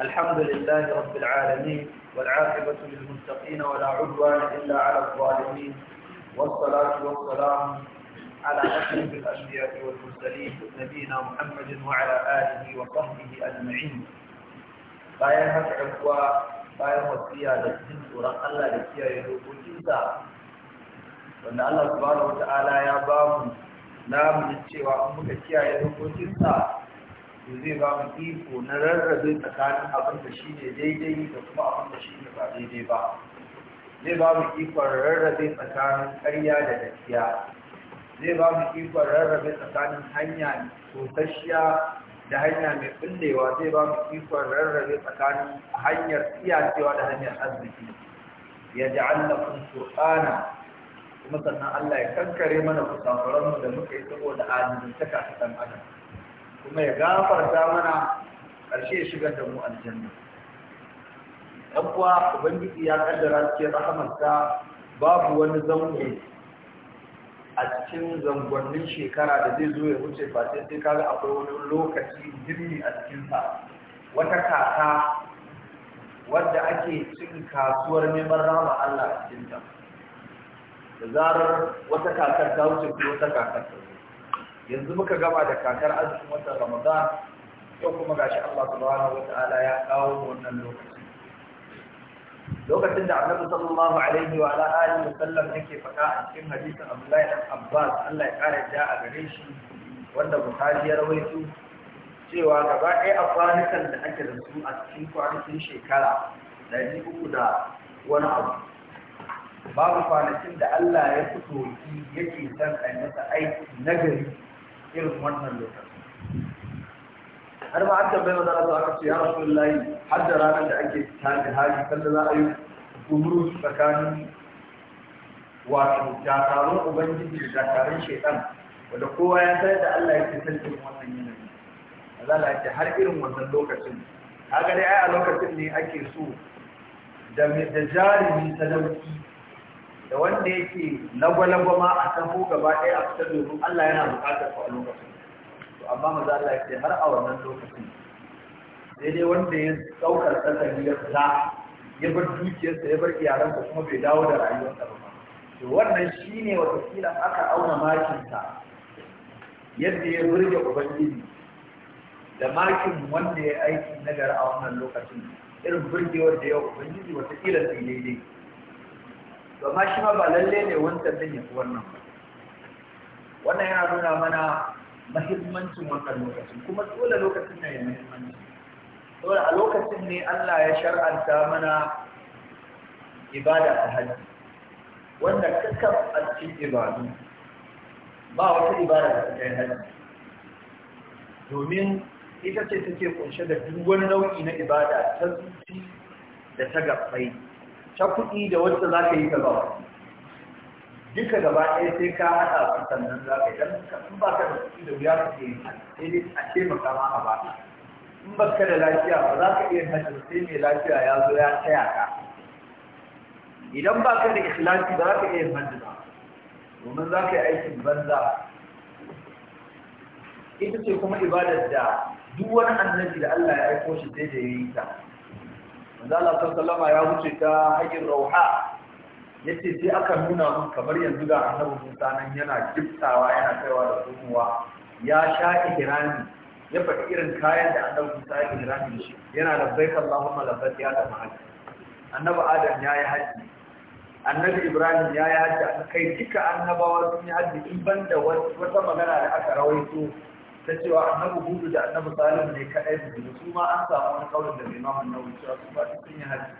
الحمد لله رب العالمين والعاقبة للمتقين ولا عدوان إلا على الظالمين والصلاة والسلام على أشرف الأنبياء والمرسلين نبينا محمد وعلى آله وصحبه أجمعين bayan haka ɗan kuwa bayan wasiya da jin tsoron Allah da kiyaye dokokinsa wanda Allah subhanahu wa ta'ala ya ba mu namu cewa in muka kiyaye dokokinsa to zai ba mu iko na rarrabe tsakanin abin da shi ne daidai da kuma abin da shi ne ba daidai ba zai ba mu ikon rarrabe tsakanin ƙarya da gaskiya zai ba mu ikon rarrabe tsakanin hanya sosasshiya da hanya mai bullewa zai ba mu ikon rarrabe tsakanin hanyar tsiyacewa da hanyar arziki ya ji ja'allakum qur'ana kuma sannan Allah ya kankare mana kusafuranmu da muka yi saboda adalci ta kasu ɗan adam kuma ya gafarta mana ƙarshe ya shigar da mu aljanna ɗan kuwa ubangiji ya kaddara cikin rahamarsa babu wani zango a cikin zangonnin shekara da zai zo ya wuce face sai kaga akwai wani lokaci jirni a cikinsa wata kaka wadda ake cin kasuwar neman rama Allah a cikinta da zarar wata kakar ta wuce wata kakar ta yanzu muka gaba da kakar arzikin watan ramadan yau kuma gashi Allah subhanahu wata'ala ya kawo wannan lokaci lokacin da annabi sallallahu alaihi wa ala alihi wasallam yake faɗa a cikin hadisin Abdullahi dan Abbas Allah ya kare ja a gare shi wanda Bukhari ya rawaito cewa gaba ɗaya afanukan da ake da su a cikin kwanakin shekara ɗari uku da wani abu babu kwanakin da Allah ya fito yake son a aiki aiki gari. irin wannan lokaci har ma aka bai maza su aka layi har da ranar da ake tafi haji sanda za yi gumuru tsakanin wato dakarun ubangiji da dakarun shaitan wanda kowa ya sayar da Allah ya fitar da wannan yanayi azala yake har irin wannan lokacin kaga dai ai a lokacin ne ake so da da jarumi sadauki da wanda yake lagwalagwa ma a taho gaba ɗaya a fitar domin Allah yana buƙatar a lokacin to amma za Allah ya har a wannan lokacin daidai wanda ya ɗaukar tsakar ya za ya bar dukiyarsa ya bar iyalansa kuma bai dawo da rayuwarsa ba to wannan shine kila aka auna sa yadda ya burge ubangiji da makin wanda ya aiki gari a wannan lokacin irin burgewar da ya ubangiji kila sai daidai ma shi ma ba lalle ne wancan ɗin ya fi wannan wannan yana nuna mana mahimmancin wannan lokacin kuma dole lokacin na ya mahimmanci dole a lokacin ne Allah ya shar'anta mana ibada ta hajji wanda kakaf a cikin ibadu ba wata ibada da ta kai hajji domin ita ce take kunshe da duk wani nau'i na ibada ta zuci da ta gabbai ta kuɗi da wacce za ka yi ka bawa duka gaba ɗaya sai ka haɗa su sannan za ka yi dan in ba ka da kuɗi da wuya ka ke yin sai dai a taimaka ma a ba in ba ka da lafiya ba za ka iya hajji sai mai lafiya ya zo ya taya ka idan ba ka da ikhlasi ba za ka iya hajji ba domin za ka yi aikin banza ita ce kuma ibadar da duk wani annabi da Allah ya aiko shi sai da ya yi ta manzo Allah Salama ya wuce ta hanyar rauha yace sai aka nuna mun kamar yanzu ga annabi Musa nan yana giftawa yana kaiwa da komowa ya sha ihrami ya faɗi irin kayan da annabi Musa ya ihrami da shi yana labbaik Allahumma labbaik ya da mahaji annabi Adam ya yi haji annabi Ibrahim ya yi haji kai duka annabawa sun yi haji in banda wata magana da aka rawaito ta cewa annabi hudu da annabi salim ne kaɗai su ne su ma an samu wani kaurin da imam annabi cewa su ba sun yi hajji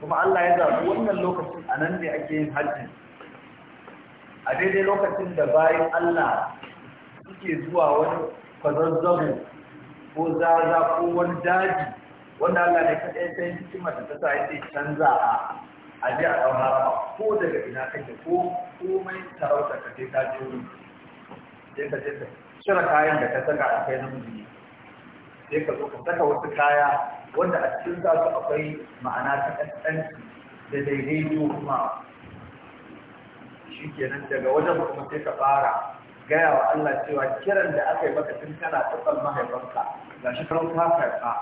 kuma Allah ya zaɓi wannan lokacin a nan ne ake yin hajji a daidai lokacin da bayan Allah suke zuwa wani kwazazzabo ko zaza ko wani daji wanda Allah ne ta yi hikimar da ta sa yake canza a aje a haraba ko daga ina kake ko komai sarauta ka je ta je wurin sai ka je ka cire kayan da ka saka a kai namiji sai ka zo ka saka wasu kaya wanda a cikin za su akwai ma'ana ta ƙasƙanci da daidaito kuma shi kenan daga wajen kuma sai ka fara gaya wa Allah cewa kiran da aka yi maka tun kana tsakan mahaifarka, ga shi karon ka karɓa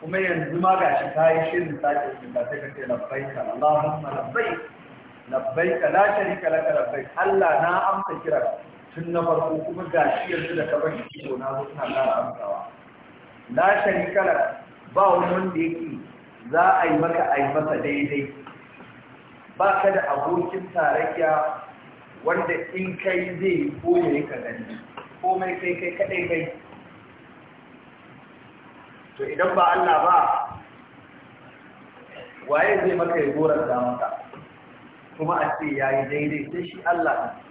kuma yanzu ma ga shi ka yi shirin sake shi ba sai ka ce labbai ka Allahumma labbai labbai ka la sharika laka labbai Allah na amsa kiran tun na farko kuma ga shi yanzu da kabar shi to na zo suna ƙara amsawa Na sharika lak ba wani wanda yake za a yi maka a yi masa daidai ba ka da abokin tarayya wanda in kai zai yi koye ka gani komai kai kai kadai kai to idan ba Allah ba waye zai maka ya goranta maka kuma a ce ya yi daidai sai shi Allah ne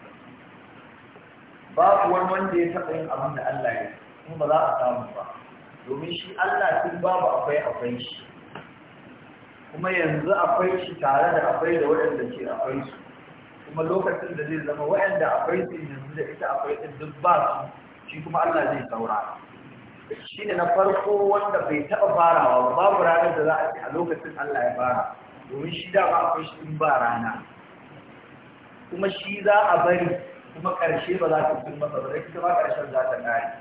babu wani wanda ya taɓa yin abin da Allah ya in ba za a samu ba domin shi Allah sun babu akwai akwai shi kuma yanzu akwai shi tare da akwai da waɗanda ke akwai su kuma lokacin da zai zama waɗanda akwai su yanzu da ita akwai ɗin duk ba su shi kuma Allah zai saura shi ne na farko wanda bai taɓa farawa babu ranar da za a ce a lokacin Allah ya fara domin shi da ba akwai shi in ba rana kuma shi za a bari kuma ƙarshe ba za ta fi masa ba ita kuma ƙarshen za ta ƙare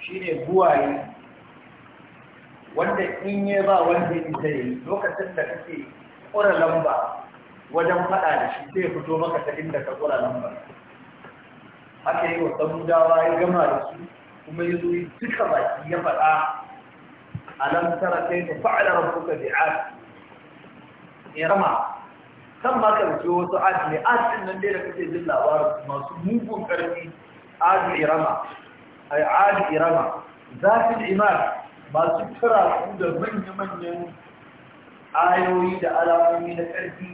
shi ne buwaye wanda in ya ba wanda ya ta yi lokacin da kake ƙura lamba wajen faɗa da shi zai fito maka ta inda ka ƙura lamba Haka yi wa samudawa ya gama da su kuma ya zo duka baki ya faɗa a nan tara kai ta fa'ala rabbuka bi'ad irama san ma karfi wasu adli adlin nan dai da kake jin labarin masu mugun karfi adli irama ay adli irama zafin Iman masu kira da manya-manyan ayoyi da alamomi na karfi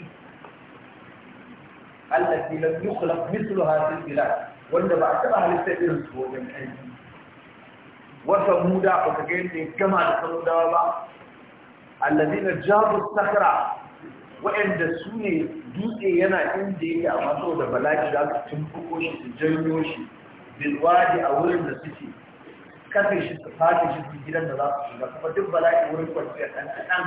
allafi lam yukhlaq mithlu hadhihi bilad wanda ba a taba halitta irin su wajen aiki wata muda ba ka ga yadda gama da dawa ba allazina jabu sakara. waɗanda su ne dutse yana inda yake a maso da bala'i za su tumfuko shi su janyo shi bilwadi a wurin da suke kafe shi su fata shi su gidan da za su shiga kuma duk bala'i wurin kwanciya ɗan kaɗan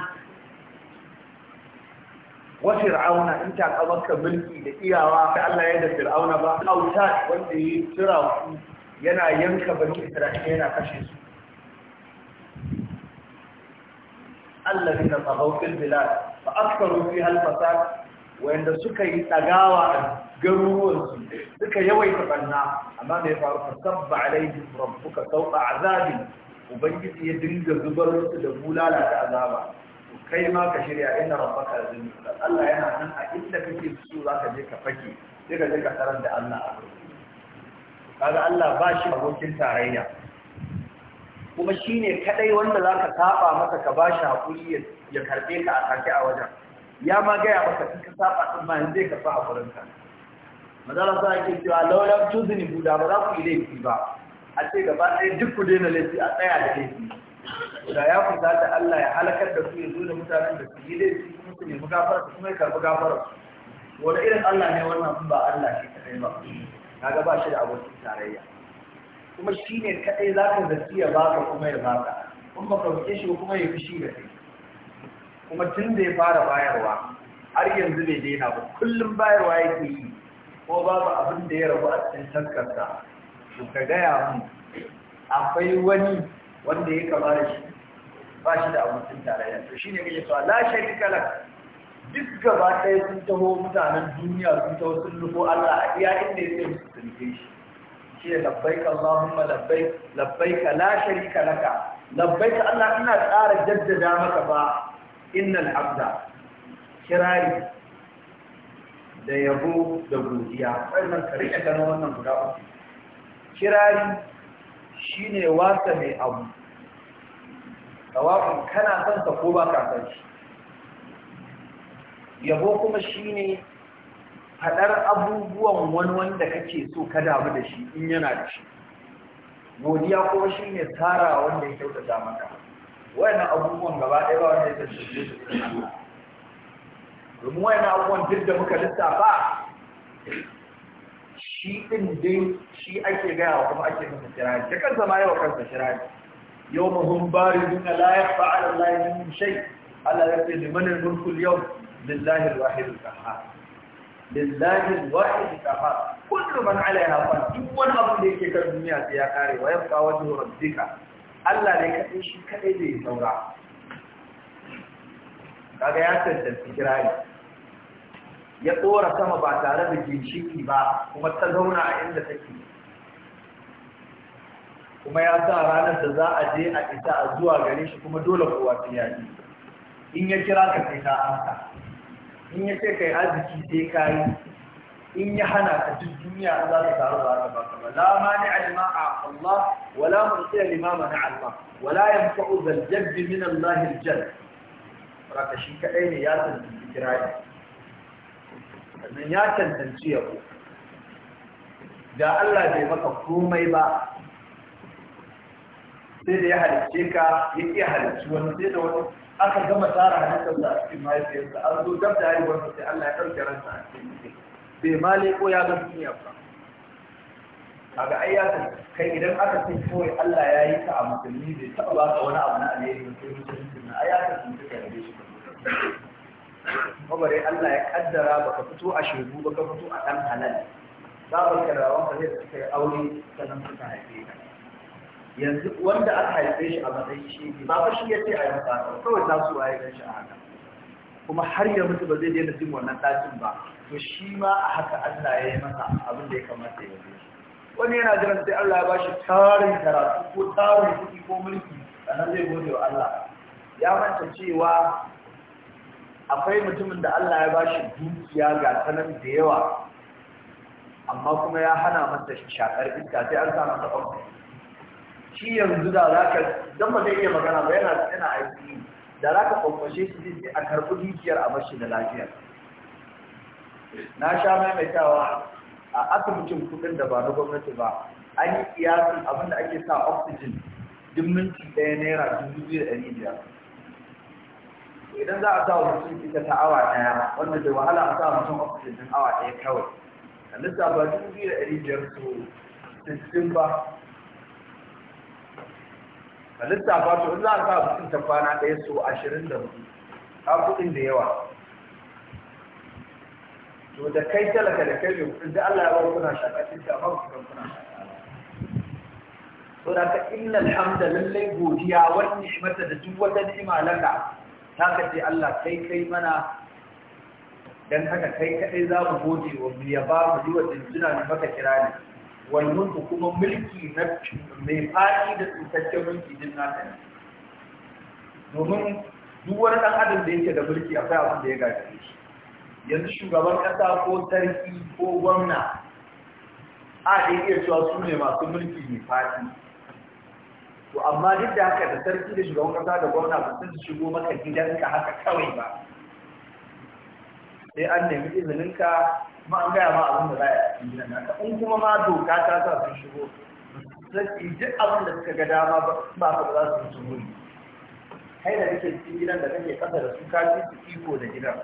wa fir'auna in ta kawarka mulki da iyawa ta Allah ya da fir'auna ba auta wanda ya tsira ku yana yanka bani Isra'ila yana kashe su Allah ne na tsahau bilal. fa aktaru fi hal fasad wanda suka yi ɗagawa a garuruwansu suka yawaita banna amma mai faru fa sabba alaihi rabbuka sauka azabin ubangiji ya dinga zubar musu da bulala da azaba kai ma ka shirya inna rabbaka azim Allah yana nan a inda kake so zaka je ka fake sai ka je ka da Allah a kaga Allah ba shi abokin tarayya kuma shi ne kaɗai wanda za ka saba masa ka ba shi haƙuri ya karɓe ka a kake a wajen ya ma gaya maka ka saba ɗin bayan zai karɓa ka mazala sa ake cewa lauran tuzini buda ba za ku yi laifi ba a ce gaba ɗaya duk ku daina laifi a tsaya da laifi da ya kusa zata Allah ya halakar da ku ya zo da mutanen da su yi laifi kuma su nemi gafara su kuma ya karɓi gafara wani irin Allah ne wannan ba Allah shi kaɗai ba kaga ba shi da abokin tarayya kuma shi ne kaɗai za ka zafi ya baka kuma ya baka kuma baka roƙe shi kuma ya fushi da kai kuma tun da ya fara bayarwa har yanzu bai daina ba kullum bayarwa yake yi ko babu abin da ya rabu a cikin taskarsa to ka gaya mu akwai wani wanda ya kama da shi ba shi da abincin tarayya to shine kake so la sharika duk gaba ɗaya sun taho mutanen duniya sun taho sun nufo Allah a iya inda sai su tunke shi ce labbaik Allahumma labbaik labbaik la sharika laka labbaik Allah ina tsara jaddada maka ba innal abda kirari da yabo da godiya wannan ka rike gano wannan guda uku kirari shine wasa mai abu tawafin kana son ka ko ba ka san shi yabo kuma shine faɗar abubuwan wani wanda kake so ka damu da shi in yana da shi godiya ko shi ne tara wanda ya kyautata maka wayannan abubuwan gaba ɗaya ba wanda ya tattace su domin wayannan abubuwan duk da muka lissafa shi ɗin dai shi ake gaya wa kuma ake masa shirari da kansa ma yawa kansa shirari yau mahun bari duna la ya fa'ala la ya min shay Allah ya ce liman al-mulku al lillahi al-wahid lillahi wahid kafa kullu man alaiha fan duk wani abu da yake kan duniya sai ya kare wa yabqa wajhu rabbika Allah ne kadai shi kadai zai saura kaga ya da kirari ya tsora sama ba tare da ginshiki ba kuma ta zauna a inda take kuma ya sa ranar da za a je a isa a zuwa gare shi kuma dole kowa sai ya yi in ya kira ka sai ta amsa in ya ce kai arziki sai ka yi in ya hana ka duk duniya za ta taru ba ta baka ba la mani alima a Allah zal jaddi min Allah al raka shi kadai ne ya tantance sannan ya tantance da Allah bai maka komai ba sai da ya halicce ka ya iya halicci wani sai da wani aka gama tara hannunsa a cikin mahaifiyarsa an zo dab da haihuwarsa sai Allah ya ɗauke ransa a cikin bai ma leko ya ga duniya ba kaga ai ya kai idan aka ce kawai Allah ya yi ka a musulmi bai taɓa ba ka wani abu na alheri sai musulmi na ai ya ka tuntu ka yabe shi kabare Allah ya kaddara baka fito a shegu baka fito a dan halal babar karawan ka zai suka kai aure sannan suka haife ka yanzu wanda aka haife shi a matsayin shi ne ba shi ya ce a yi ba kawai su a yi shi a haka kuma har ya mutu ba zai daina jin wannan ɗakin ba to shi ma a haka Allah ya yi masa abin da ya kamata ya yi wani yana jiran sai Allah ya bashi tarin karatu ko tarin kuɗi ko mulki sannan zai gode wa Allah ya manta cewa akwai mutumin da Allah ya bashi dukiya ga sanan da yawa amma kuma ya hana masa shakar iska sai an sa masa ɓangare shi yanzu da za ka don ba zai iya magana ba yana yana aiki da za ka shi zai a karɓi dukiyar a mashi da lafiya. na sha maimaitawa a asibitin kudin da ba na gwamnati ba an yi kiyasin abin da ake sa oxygen duk minti ɗaya naira dubu biyu da ɗari biyar idan za a sa wa mutum ita ta awa ɗaya wanda da wahala a sa mutum oxygen awa ɗaya kawai a ba dubu biyu da ɗari biyar so ba a lissafa su in za a sa mutum ta kwana ɗaya so ashirin da hudu ta kudin da yawa to da kai talaka da kai mai kuɗin da Allah ya bar kuna shaka cikin ta ba ku kuna shaka So da ka inna alhamda lallai godiya wani ni'imata da duk wata ni'ima laka ta ka ce Allah kai kai mana dan haka kai kaɗai za mu gode wa mu yaba mu yi wa jinjina da maka kira ne wannan kuma mulki na mai fadi da tsintaccen mulki din nata ne domin duk wani ɗan adam da yake da mulki akwai abin da ya gaje shi yanzu shugaban kasa, ko sarki ko gwamna a da iya cewa su ne masu mulki mai fadi to amma duk da haka da sarki da shugaban ƙasa da gwamna ba sun shigo maka gidanka haka kawai ba sai an nemi izininka kuma an gaya ma abin da za a in kuma ma doka ta sa sun shigo sai duk abin da suka ga dama ba ka ba za su shigo ne kai da kake cikin gidan da kake kasa da su ka su iko da gidan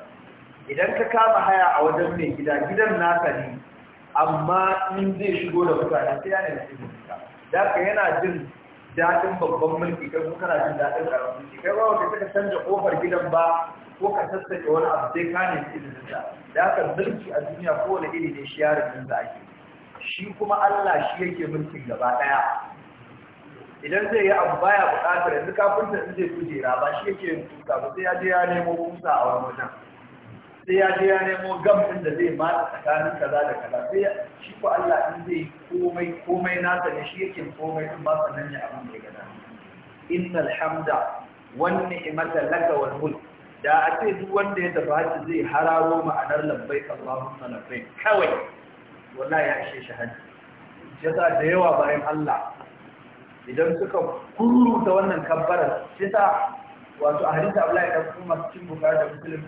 idan ka kama haya a wajen mai gida gidan naka ne amma in zai shigo da mutane sai ya nemi izininka da ka yana jin daɗin babban mulki kai kuma kana jin daɗin ƙaramin mulki kai ba wanda ka canza ƙofar gidan ba ko ka sassake wani abu sai ka nemi izininsa da haka mulki a duniya kowane iri ne shi yaron din da ake shi kuma Allah shi yake mulkin gaba daya idan zai yi abu baya buƙatar yanzu kafinta in zai kujera ba shi yake yin tuka ba sai ya je ya nemo kusa a wani wajen sai ya je ya nemo gam din da zai mata tsakanin kaza da kaza sai shi ko Allah in zai komai komai nasa ne shi yake komai in ba sannan ya abin da ya gada innal hamda wan ni'mata laka wal mulk da a ce duk wanda ya tafa hajji zai hararo ma'anar labbai Allahumma salafai kawai wallahi ya ishe shi hajji da yawa bayan Allah idan suka kuruta wannan kabbara yasa wato a hadisi ya dan kuma cin Bukhari da musulun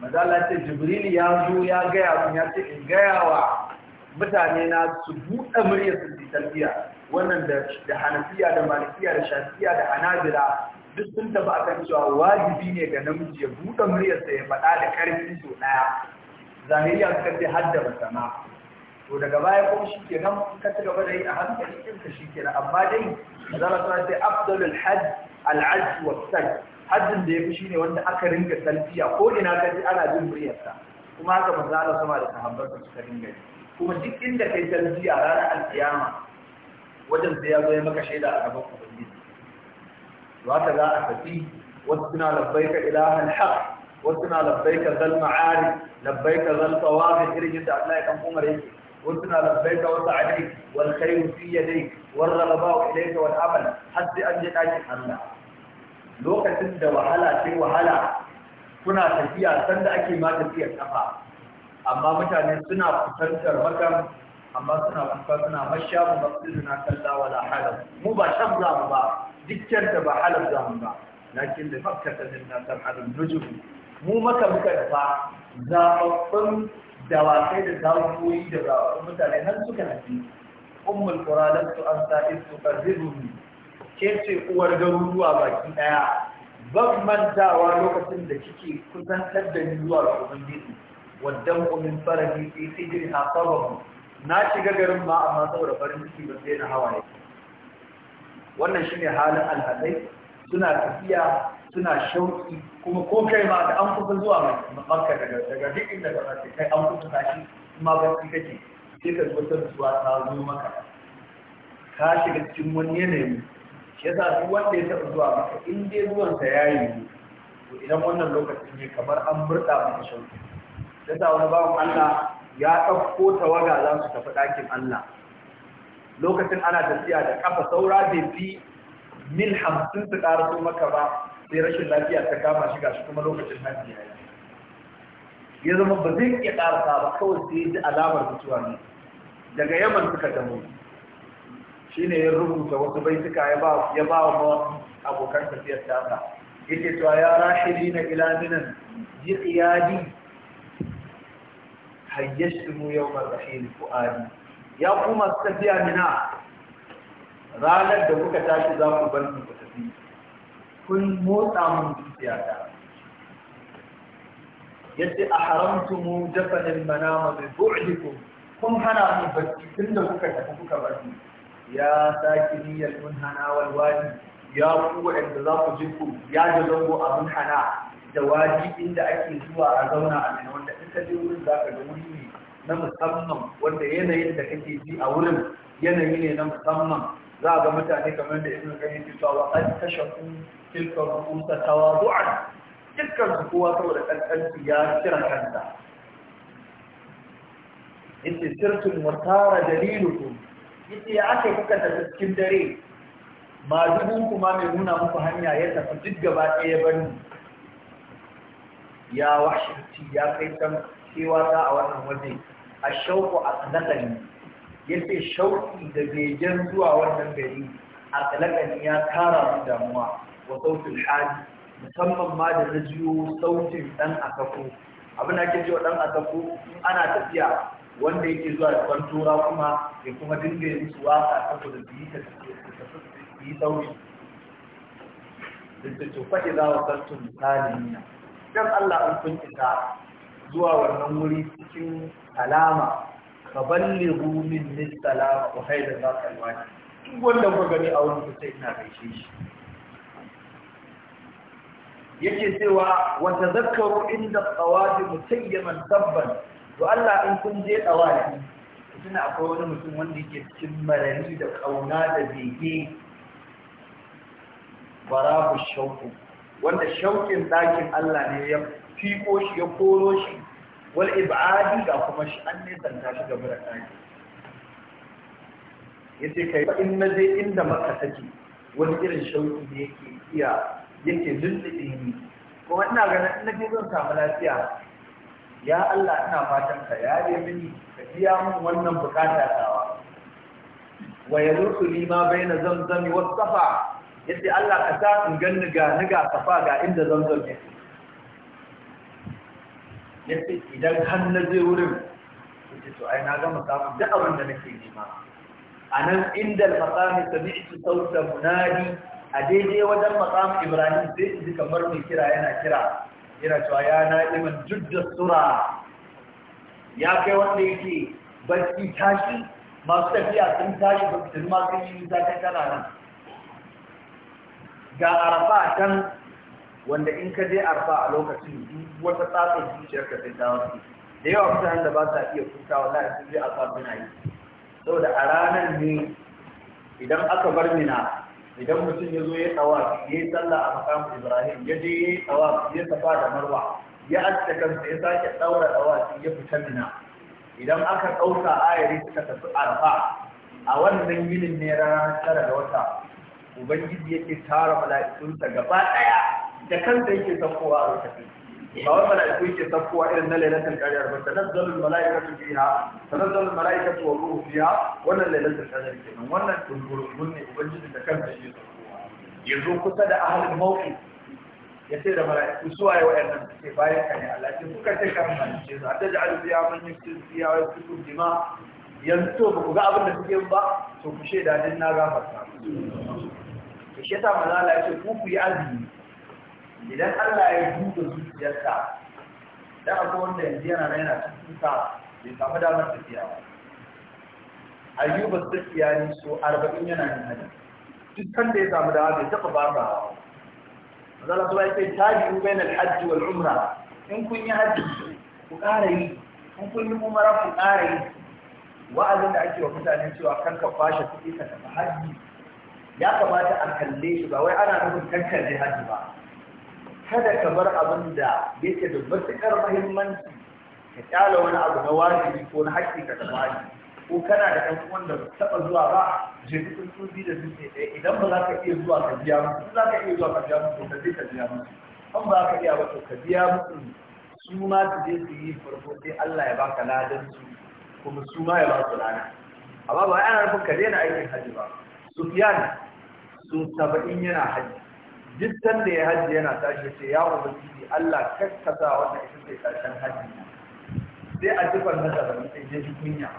maza Allah ce Jibril ya zo ya gaya mun ya ce in gaya wa mutane na su buɗe muryar su talbiya wannan da da Hanafiya da Malikiya da Shafiya da Hanabila duk sun tafi akan cewa wajibi ne ga namiji ya buɗe muryarsa ya faɗa da ƙarfi sau ɗaya zahiriya suka ce har da to daga baya kuma shi ke nan ka ci gaba da yi a hankali ɗinka shi ke nan amma dai zama sa ce Abdullahi hajj al'ajj wa sal hajjin da ya fi shine wanda aka ringa salfiya ko ina ka ji ana jin muryarsa kuma haka za sama da da suka ringa yi kuma duk inda kai salfiya ranar alkiyama wajen sai ya zo ya maka shaida a gaban ubangiji to haka za a tafi wasu suna labbaika ilahal haq wasu suna labbaika zal ma'arif labbaika zal tawafin irin yadda Allah ya kan umar yake وسنا لبيك وسعديك والخير في يديك والرغباء إليك والأمل حتى أنجد أجل الله لوكتن دا وحلا شيء وحلا كنا تفيا سند أكي ما تفيا كفا أما متى سنا فتنتر مكم أما سنا فتنتر مشى ومقصدنا كلا ولا حاجة مو بشر مبا dukkan ta ba halar zamu ba lakin da makka ta dinna san halin nujum mu maka muka da fa zababbin dawakai da zawoyi da zababbin mutane har suka nafi ummul qura lam tu ansa isu qadiruhu ke ce uwar garuruwa baki daya ban mantawa lokacin da kike kusantar da ni zuwa ga ubangiji waddan min farani fi sijri na shiga garin ma amma saboda farin ciki ba sai na hawaye wannan shine halin alhazai suna tafiya suna shauki kuma ko kai ma da an kusa zuwa makka daga daga duk inda ka kai an kusa tashi kuma ba ka kake sai ka zo ta zuwa ta zo maka ka shiga cikin wani yanayi shi yasa duk wanda ya taɓa zuwa maka in dai zuwan ya yayi to idan wannan lokacin ne kamar an burda maka shauki yasa wani bawan Allah ya ɗauko tawaga za su tafi ɗakin Allah lokacin ana tafiya da kafa saura bai fi mil hamsin su ƙaraso maka ba sai rashin lafiya ta kama shi gashi kuma lokacin hajji ya yi ya zama ba zai iya ƙarasa ba kawai sai ji alamar mutuwa ne daga yaman suka shi ne ya rubuta wasu baituka ya ba wa abokan tafiyar tasa yake cewa ya rashiri na ilaminan ji tsiyadi hayyashtumu yau marrahim fu'adi ya kuma su tafiya mina ranar da kuka tashi za ku bar ku tafi kun motsa mun zuciya ta yace a haramtu mu dafanin manama bi bu'dikum kun hana mu bacci tun da kuka tafi kuka bar mu ya saki niyyar mun hana walwali, ya ku wanda za ku ji ku ya da zango mun hana da waji inda ake zuwa a zauna a mina, wanda in ka je wurin za ka ga wuri na musamman wanda yanayin da kake ji a wurin yanayi ne na musamman za a ga mutane kamar da ibn gani ke cewa wa an tashaku tilka rukusa tawadu'an dukkan su kowa saboda kankanci ya kira kanta yace sirtun wa dalilu yace ya ake kuka tafi cikin dare ma dubun kuma mai nuna muku hanya ya tafi duk gaba ɗaya bani ya wahshati ya kai can kewa ta a wannan waje a shauku a tsanakani ya ce shauki da begen zuwa wannan gari a tsanakani ya tara mu damuwa wa sautin hali musamman ma da na jiyo sautin ɗan asako abin da ake cewa ɗan asako in ana tafiya wanda yake zuwa da tura kuma ya kuma dinga yin su waka saboda su yi su yi sauri da su tufa za wa sartun misali nuna don Allah an kun isa zuwa wannan wuri cikin alama ka ballighu min nisalama ku haida za ka alwani duk wanda ku gani a wani ku sai ina gaishe shi yake cewa wa Zakaru inda tsawafi mutayyaman tabban to Allah in kun je tsawafi suna akwai wani mutum wanda yake cikin marari da kauna da bege barabu shauku wanda shaukin dakin Allah ne ya fiko shi ya koro shi wal ibadi ga kuma shi an ne santa shi gaba da kai yace kai in na je inda maka take wani irin shauki da yake iya yake lullube ni kuma ina ganin in na zan samu lafiya ya Allah ina fatan ka yare mini ka biya min wannan bukata tawa wa yalutu li ma baina zamzam wa Ya ce Allah ka sa in ganni ga niga safa ga inda zamzam ya ce idan har na zai wurin ya to ai na gama samun duk abin da nake nema a nan inda al-maqami sami'tu munadi a daidai wajen maqam Ibrahim sai ji kamar mai kira yana kira yana cewa ya na'iman judda sura ya kai wanda yake barci tashi masu tafiya sun tashi bakitin masu ma yi nisa ta kana nan ga arafa can wanda in ka je arfa a lokacin duk wata tsatsa zuciyar ka sai wasu da yawa mutane da ba sa iya kuta, wallahi sun je arfa suna yi saboda a ranar ne idan aka bar mina idan mutum ya zo ya tsawa ya yi tsalla a makamu ibrahim ya je ya yi tsawa ya tafa da marwa ya aske kansa ya sake ɗaura tsawa ya fita mina idan aka ɗauka ayari suka tafi arfa a wannan yinin ne ranar tara da wata ubangiji yake tara mala'ikunsa gaba ɗaya da kanta yake saukowa a lokaci ba da mala'iku yake saukowa irin na lailatul qadr ba biya, mala'ikatu fiha tanazzalul mala'ikatu wa ruhu fiha wannan lailatul ke nan wannan tungurun ne ubangiji da kanta yake ya yanzu kusa da ahlul mawqi ya ce da mala'iku wa waye waɗannan ke bayan ka ne Allah ce kuka ce kan malice su ta ja'al biya man yusir biya wa kutu jima yanzu to ba ku ga abin da suke ba to ku shaida din na gafarta to shi yasa Allah ya ce ku ku yi azumi idan Allah ya duba zuciyarsa da aka wanda yanzu yana na yana cikin sa bai samu damar tafiya ba ayyuba tafiya ne so arba'in yana yin hali. duk kan da ya samu dama bai taɓa ba ba mazala su ba ya ce bai na hajji wal umra in kun yi hajji ku ƙara yi in kun yi umara ku ƙara yi wa'azin da ake wa mutane cewa kan ka fashe kuɗi ka tafi hajji ya kamata a kalle shi ba wai ana nufin kan kalle hajji ba kada ka bar abin da yake da matuƙar mahimmanci ka kyala wani abu na wajibi ko na haƙƙi ka tsammani ko kana da ɗan uwan da taɓa zuwa ba je dukkan su biyu da dutse ɗaya idan ba za ka iya zuwa ka biya musu za ka iya zuwa ka biya musu ka je ka biya musu an ba ka iya ba to ka biya musu su ma su je su yi farko sai Allah ya baka ladan su kuma su ma ya ba su lana amma ba ana nufin ka daina aikin hajji ba Sufyan sun saba'in yana hajji duk da ya hajji yana tashi sai ya ubangiji Allah kakkasa wanda ita ce karshen hajji sai a da zama sai jeji ji kunya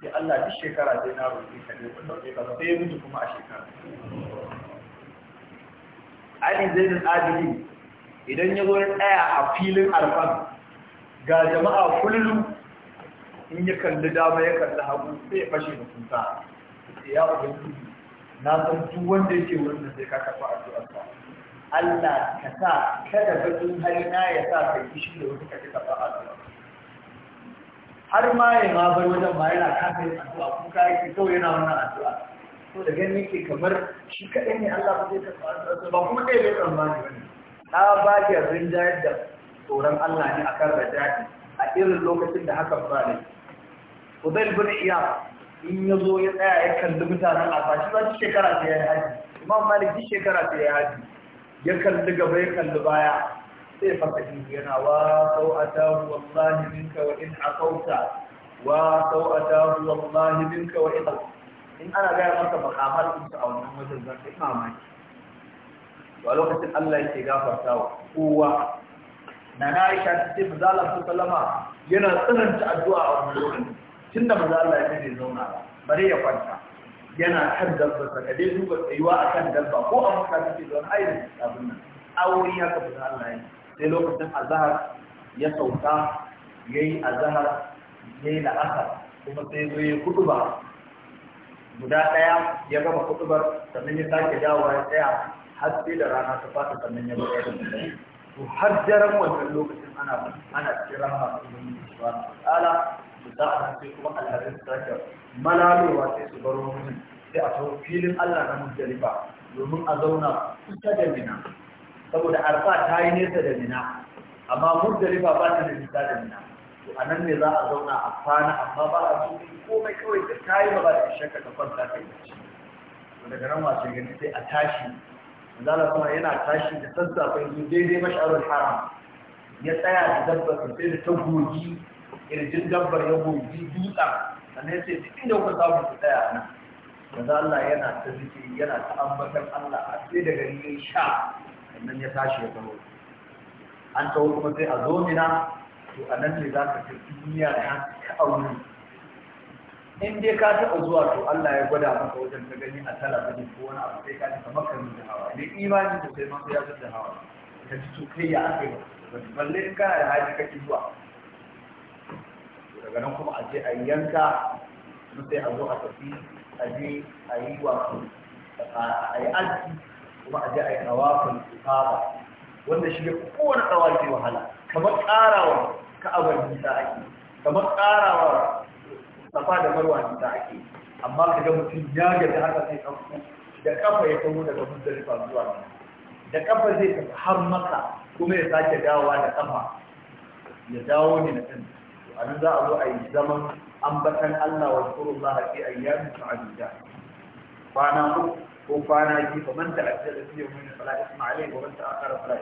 sai Allah duk shekara zai na roƙe ka ne wanda sai ka sai ya mutu kuma a shekara Ali Zainul Abidin idan ya zo ya tsaya a filin Arfan ga jama'a kullu in ya kalli dama ya kalli hagu sai ya fashe da kunta ya ubangiji na san duk wanda yake wurin da sai ka kafa addu'ar Allah ka sa kada bakin har na ya sa ka yi shi da wata kake kafa addu'a har ma ya ma bar wajen ma yana ka yin addu'a ko ka yi kawai yana wannan addu'a to da ganin yake kamar shi kaɗai ne Allah ba zai kafa addu'a ba kuma dai bai tsammani bane na ba ki rinjayar da tsoron Allah ne akan rajai a irin lokacin da hakan ba ne Ubayd bin Iyaka in ya zo ya tsaya ya kalli mutanen Asashi, za shi shekara ta ya yi haji imam malik shi shekara ta ya yi haji ya kalli gaba ya kalli baya sai faka shi yana wa sau'ata wallahi minka wa in aqauta wa sau'ata wallahi minka wa in in ana gaya masa makamar su a wannan wajen zan kai mamaki to lokacin Allah ke gafarta wa kowa na na aisha ta ce manzo Allah sallama yana tsananta addu'a a wannan lokacin tun da maza Allah ya ce zauna bare ya kwanta yana kan dabba ka dai duba tsayuwa a kan dabba ko a maka take zaune ai da abin nan aure haka Allah ya sai lokacin azhar ya sauka yayi azhar yayi la'asar kuma sai zo kudu kutuba guda ɗaya ya gama kutubar sannan ya sake dawowa ya tsaya har sai da rana ta fata sannan ya bayar da to har daren wannan lokacin ana ana cikin rahama ta Ubangiji subhanahu wa za a sai kuma alharin sake malalowa sai su baro mutum sai a sau filin Allah na Muzdalifa domin a zauna kusa da Mina saboda Arfa ta yi nesa da Mina amma Muzdalifa ba ta da nisa da Mina to a nan ne za a zauna a kwana amma ba a so komai kawai da kayi ba da shakka ka kwanta kai to daga nan wace gani sai a tashi zala kuma yana tashi da sassafe daidai mash'arul haram ya tsaya da dabbar sai da ta gogi kirjin dabbar ya goji dutsa sannan sai cikin inda kuka samu su tsaya nan yanzu Allah yana ta zuke yana ta ambatar Allah a sai da gari ya sha sannan ya tashi ya zama an tawo kuma sai a zo to a nan ne za ka fi duniya da ka aure in dai ka taɓa zuwa to Allah ya gwada maka wajen ka gani a talabijin ko wani abu sai ka ji kamar kan da hawa ne imani to sai ma sai ya da hawa ka ji to kai ya aka yi balle in kana da haji kake zuwa daga nan kuma a je a yanka sai a zo a tafi a je a yi wato a yi alki kuma a je a yi tawafin ifada wanda shi ya kowane tsawafi wahala kamar ƙarawa ka'abar nisa ake kamar ƙarawa safa da marwa nisa ake amma ka ga mutum ya gaji haka sai ɗauko da kafa ya kawo daga muzdalifa zuwa nan da kafa zai tafi har maka kuma ya sake dawowa da kafa ya dawo ne na kan a za a zo a yi zaman ambatan Allah wa zukurullaha fi ayyamin ma'aduda kwana uku ko kwana biyu fa man ta'addada fi na fala isma alayhi wa a ta'akhara fala